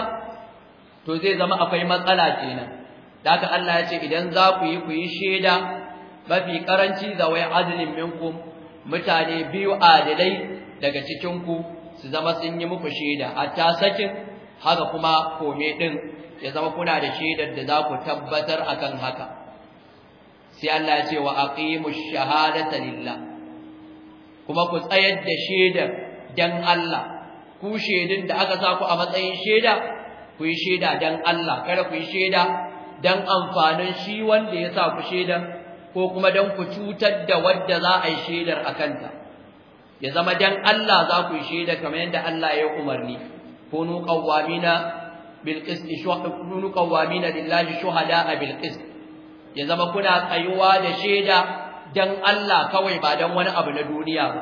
to zai zama akwai matsala kenan da Allah ya ce idan za ku yi ku yi shaida mafi karanci da wai adalin minku mutane biyu adalai daga cikin ku su zama sun yi muku shaida hatta sakin haka kuma kome din ya zama kuna da shaidar da za ku tabbatar akan haka sai Allah ya ce wa aqimu shahadata lillah kuma ku tsayar da shaidar dan Allah ku shaidin da aka sa ku a matsayin shaida ku yi shaida dan Allah kada ku yi shaida dan amfanin shi wanda ya sa ku shedar ko kuma dan ku cutar da wanda za a yi shedar a kanta ya zama dan Allah za ku yi shedar kamar yadda Allah ya umarni kunu qawwamina bil qist kunu qawwamina lillahi shuhada bil qist ya zama kuna tsayuwa da sheda dan Allah kawai ba dan wani abu na duniya ba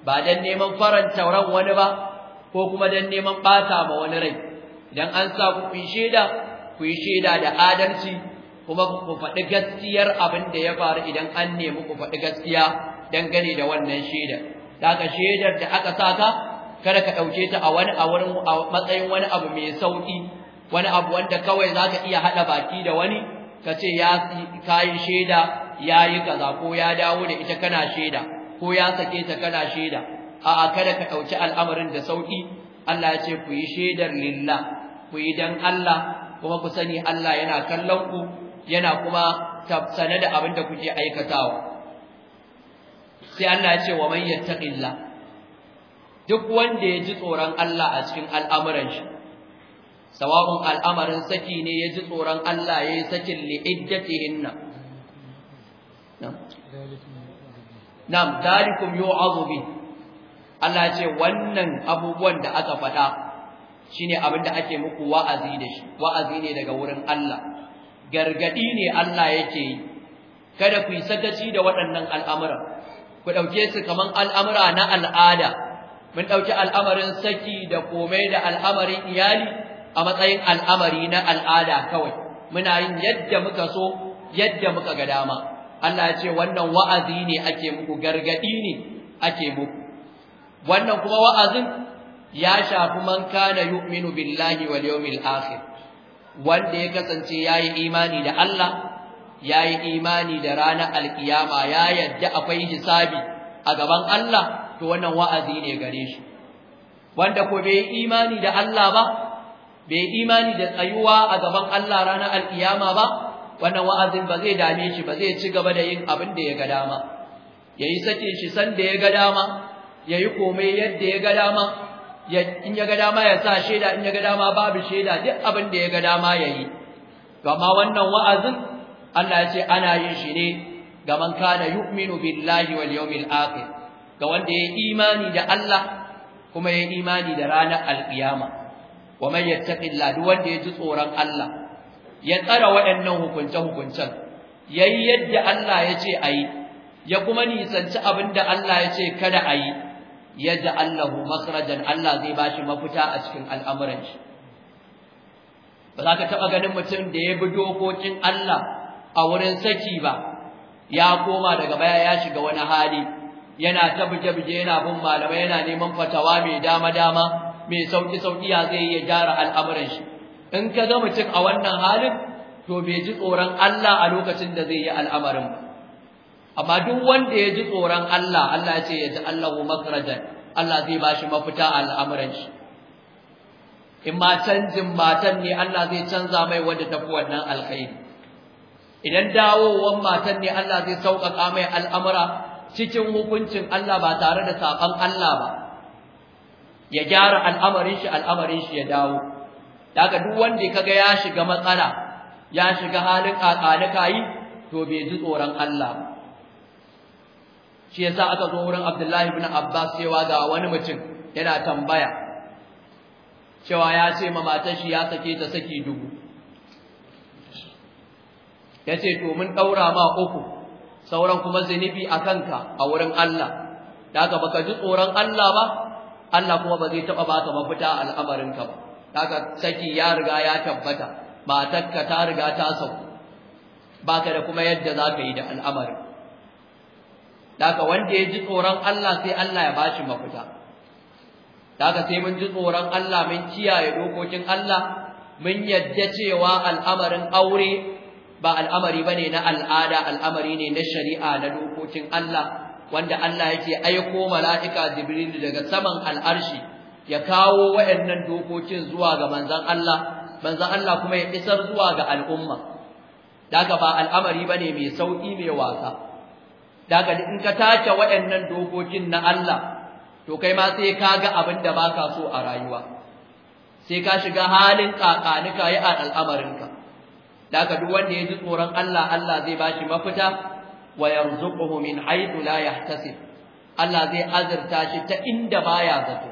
ba dan neman faranta ran wani ba ko kuma dan neman bata ma wani rai dan an sa ku sheda ku yi shaida da adalci kuma ku faɗi gaskiyar abin da ya faru idan an nemi ku faɗi gaskiya dangane da wannan shaidar daga shaidar da aka saka kada ka ɗauke ta a wani a wurin matsayin wani abu mai sauƙi wani abu wanda kawai za ka iya haɗa baki da wani ka ce ya kai shaida yi kaza ko ya dawo da ita kana shaida ko ya sake ta kana shaida a'a kada ka ɗauki al'amarin da sauƙi. Allah ya ce ku yi shaidar lilla, ku yi dan Allah kuma ku sani Allah yana kallon ku yana kuma tafsane da abin da kuke aikatawa sai Allah ya ce wa man yattaqilla duk wanda ya ji tsoron Allah a cikin al'amuran shi sawabun al'amarin saki ne ya ji tsoron Allah ya yi sakin li'iddatihinna nam dalikum yu'azu bi Allah ya ce wannan abubuwan da aka faɗa shine abin da ake muku wa'azi da shi wa'azi ne daga wurin Allah Gargaɗi ne Allah yake yi kada ku yi sakaci da waɗannan al'amura ku ɗauke su kaman al'amura na al'ada mun dauki al'amarin saki da komai da al'amarin iyali a matsayin al'amari na al'ada kawai muna yin yadda muka so yadda muka ga dama Allah ya ce wannan wa'azi ne ake muku gargadi ne ake muku wannan kuma wa'azin ya shafi man kana yu'minu billahi wal yawmil akhir wanda ya kasance yayi imani da Allah yayi imani da ranar alkiyama ya yadda akwai hisabi a gaban Allah to wannan wa'azi ne gare shi wanda ko bai imani da Allah ba bai imani da tsayuwa a gaban Allah rana alkiyama ba wannan wa'azin ba zai dame shi ba zai ci gaba da yin abin da ya ga dama yayi sace shi san da ya ga dama yayi komai yadda ya ga dama in ya ga dama ya sa shaida in ya ga dama babu shaida duk abin da ya ga dama yayi to amma wannan wa'azin Allah ya ce ana yin shi ne ga man kana yu'minu billahi wal yawmil akhir ga wanda ya imani da Allah kuma ya imani da ranar alkiyama wa man yattaqillahi duk wanda ya ji tsoron Allah ya tsara waɗannan hukunce hukuncen yayi yadda Allah ya ce ayi ya kuma nisanci abin da Allah ya ce kada ayi Yadda allahu makhrajan Allah zai bashi mafita a cikin al'amuran shi ba za ka taba ganin mutum da ya bi dokokin Allah a wurin saki ba ya koma daga baya ya shiga wani hali yana ta buje yana bin malama, yana neman fatawa mai dama-dama mai sauƙi sauki ya zai ya gyara al'amuran shi in ka ga mutum a wannan halin to bai ji tsoron Allah a lokacin da zai yi al'amarin ba amma duk wanda ya ji tsoron Allah Allah ya ce ya ji Allahu makrajan Allah zai bashi mafita a al'amuran shi in ma canjin matan ne Allah zai canza mai wanda tafi wannan alkhairi idan dawowan matan ne Allah zai sauƙaƙa mai al'amura cikin hukuncin Allah ba tare da safan Allah ba ya gyara al'amarin shi al'amarin shi ya dawo daga duk wanda kaga ya shiga matsala ya shiga halin yi, to bai ji tsoron Allah ba shi yasa aka zo wurin Abdullahi ibn Abbas cewa ga wani mutum yana tambaya cewa ya ce ma matar shi ya sake ta saki dubu yace to mun daura ma uku sauran kuma zinubi kanka a wurin Allah daga baka ji tsoron Allah ba Allah kuma ba zai taba baka mafita al'amarinka ba daga saki ya riga ya tabbata matarka ta riga ta sauko baka da kuma yadda zaka yi da al'amarin Daga wanda ya ji tsoron Allah sai Allah ya bashi mafita. Daga sai mun ji tsoron Allah mun kiyaye dokokin Allah mun yadda cewa al'amarin aure ba al'amari bane na al'ada al'amari ne na shari'a na dokokin Allah wanda Allah yake aiko mala'ika Jibril daga saman al'arshi ya kawo waɗannan dokokin zuwa ga manzon Allah manzon Allah kuma ya isar zuwa ga al'umma daga ba al'amari bane mai sauki mai wasa da in ka tace waɗannan dokokin na Allah to kai ma sai ka ga abin da baka so a rayuwa sai ka shiga halin kakanika yi a al'amarinka da duk wanda ya ji tsoron Allah Allah zai ba shi mafita wa yarzuquhu min haythu la yahtasib Allah zai azurta shi ta inda baya zato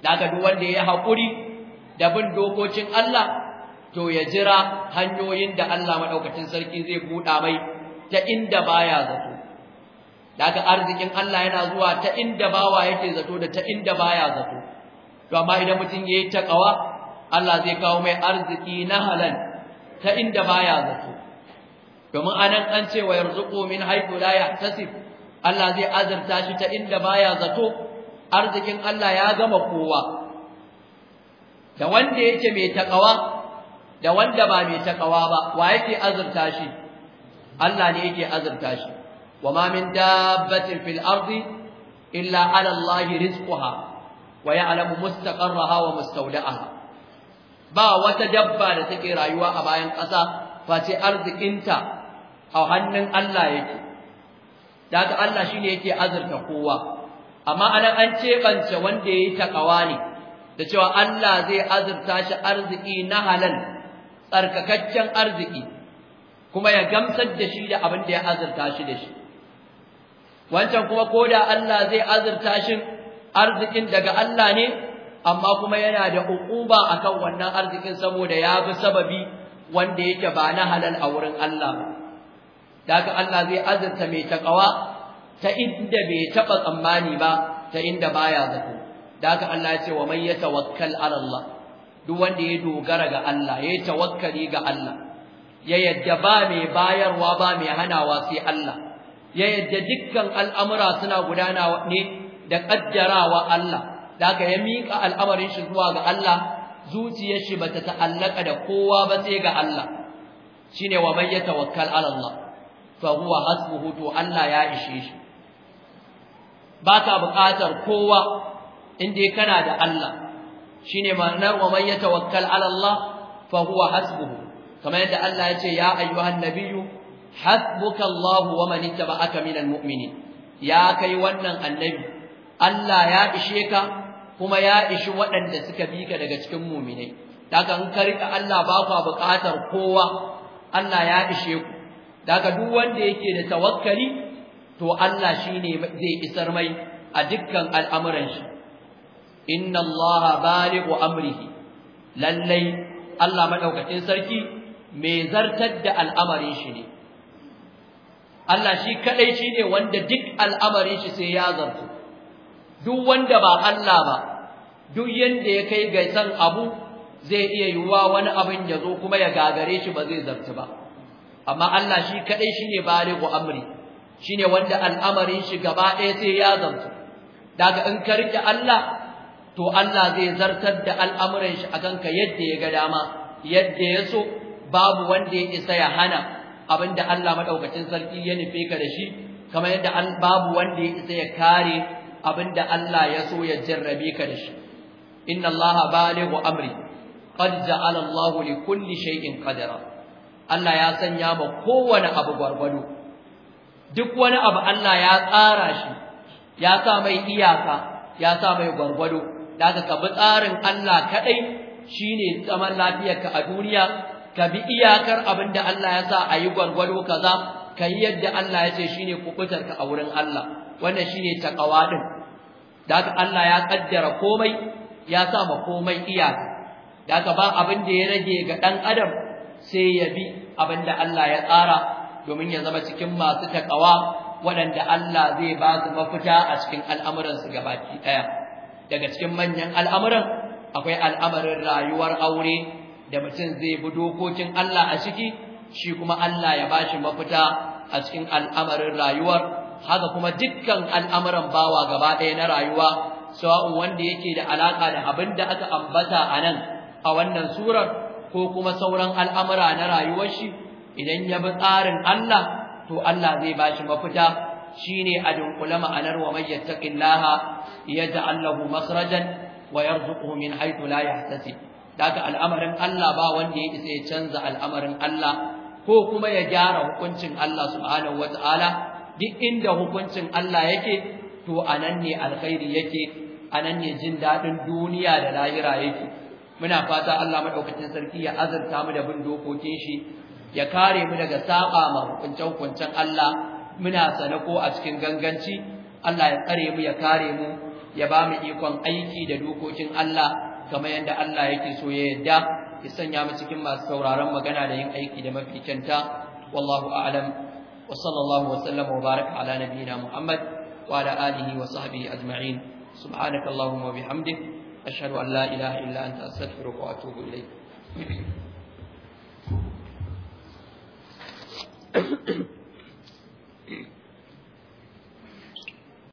daga duk wanda ya haƙuri da bin dokokin Allah to ya jira hanyoyin da Allah madaukakin sarki zai buɗa mai ta inda baya zato daga arzikin Allah yana zuwa ta inda bawa yake zato da ta inda baya zato to amma idan mutum yayi takawa Allah zai kawo mai arziki na halal ta inda baya zato domin anan an ce wa yarzuqu min haythu la yahtasib Allah zai azurta shi ta inda baya zato arzikin Allah ya gama kowa da wanda yake mai takawa da wanda ba mai takawa ba wa yake azurta shi Allah ne yake azurta shi wa ma min dabbatin fil ardi illa ala Allah rizquha wa ya'lamu mustaqarraha wa mustawda'aha ba wata dabba da take rayuwa a bayan ƙasa face arzikinta a hannun Allah yake daga Allah shine yake azurta kowa amma anan an cebance wanda yayi takawa ne da cewa Allah zai azurta shi arziki na halal tsarkakaccen arziki kuma ya gamsar da shi da abin da ya azurta shi da shi wancan kuma ko da Allah zai azurta shi arzikin daga Allah ne amma kuma yana da a akan wannan arzikin saboda ya bi sababi wanda yake ba na halal a wurin Allah ba daga Allah zai azurta mai takawa ta inda bai taba tsammani ba ta inda baya zato daga Allah ya ce wa man yatawakkal ala Allah duk wanda ya dogara ga Allah ya tawakkali ga Allah ya yadda ba mai bayarwa ba mai hanawa sai Allah ya yadda dukkan al'amura suna gudana ne da ƙaddarawa Allah da ya miƙa al'amarin shi zuwa ga Allah zuciyar shi bata ta'allaka da kowa ba sai ga Allah shine wa man yatawakkal ala Allah fa huwa hasbuhu to Allah ya ishe shi baka buƙatar kowa dai kana da Allah shine ma'anar wa man yatawakkal ala Allah fa huwa hasbuhu kamar yadda Allah ya ce ya ayyuhan nabiyyu hasbuka Allah wa man ittaba'aka minal mu'minin ya kai wannan annabi Allah ya ishe ka kuma ya ishi waɗanda suka bi ka daga cikin mu'minai daga in ka Allah ba ku buƙatar kowa Allah ya ishe ku daga duk wanda yake da tawakkali to Allah shine zai isar mai a dukkan al'amuran shi inna Allah baligh amrihi lallai Allah madaukakin sarki mai zartar da al'amarin shi ne Allah shi kaɗai shi ne wanda duk al'amarin shi sai ya zartu duk wanda ba Allah ba duk yadda ya kai ga san abu zai iya yiwuwa wani abin ya zo kuma ya gagare shi ba zai zartu ba amma Allah shi kadai shi ne ku amri shi ne wanda al'amarin shi gaba ɗaya sai ya zartu daga in ka riƙe Allah to Allah zai zartar da al'amuran shi akan ka yadda ya ga dama yadda ya so babu wanda ya isa ya hana abinda Allah madaukakin sarki ya nufe ka da shi kamar yadda babu wanda ya isa ya kare abinda Allah ya so ya jarrabe ka da shi inna Allah balighu amri qad ja'ala Allah li kulli shay'in qadara Allah ya sanya ma kowane abu gwargwado duk wani abu Allah ya tsara shi ya sa mai iyaka ya sa mai gwargwado daga ka bi tsarin Allah kadai shine zaman lafiyarka a duniya ka bi iyakar abin da Allah ya sa a yi gwargwado kaza ka yi yadda Allah ya ce shine kukutar ka a wurin Allah wannan shine takawa din da aka Allah ya ƙaddara komai ya sa ma komai iyaka da aka ba abin da ya rage ga ɗan adam sai ya bi abin da Allah ya tsara domin ya zama cikin masu takawa waɗanda Allah zai ba su mafita a cikin al'amuransu gabaki ɗaya daga cikin manyan al'amuran akwai al'amarin rayuwar aure da mutum zai bi dokokin Allah a ciki shi kuma Allah ya bashi mafita a cikin al'amarin rayuwar haka kuma dukkan al'amuran bawa gaba ɗaya na rayuwa sawa'un wanda yake da alaka da abin da aka ambata a nan a wannan surar ko kuma sauran al'amura na rayuwar shi idan ya bi tsarin Allah to Allah zai bashi mafita shine a dunkule ma'anar wa may yattaqillaha yaj'al lahu makhrajan wa yarzuquhu min haythu la yahtasib daga al'amarin Allah ba wanda ya isa ya canza al'amarin Allah ko kuma ya gyara hukuncin Allah subhanahu wataala duk inda hukuncin Allah yake to anan ne alkhairi yake anan ne jin dadin duniya da lahira yake muna fata Allah madaukakin sarki ya azurta mu da bin dokokin shi ya kare mu daga saba ma hukuncin hukuncin Allah muna sane ko a cikin ganganci Allah ya tsare mu ya kare mu ya ba mu ikon aiki da dokokin Allah kamar yadda Allah yake so ya yadda ya sanya mu cikin masu sauraron magana da yin aiki da mafi kyanta wallahu a'lam wa sallallahu wa sallam wa baraka ala nabiyyina Muhammad wa ala alihi wa sahbihi ajma'in subhanaka allahumma wa bihamdik ashhadu an la ilaha illa anta astaghfiruka wa atubu ilayk Thank you.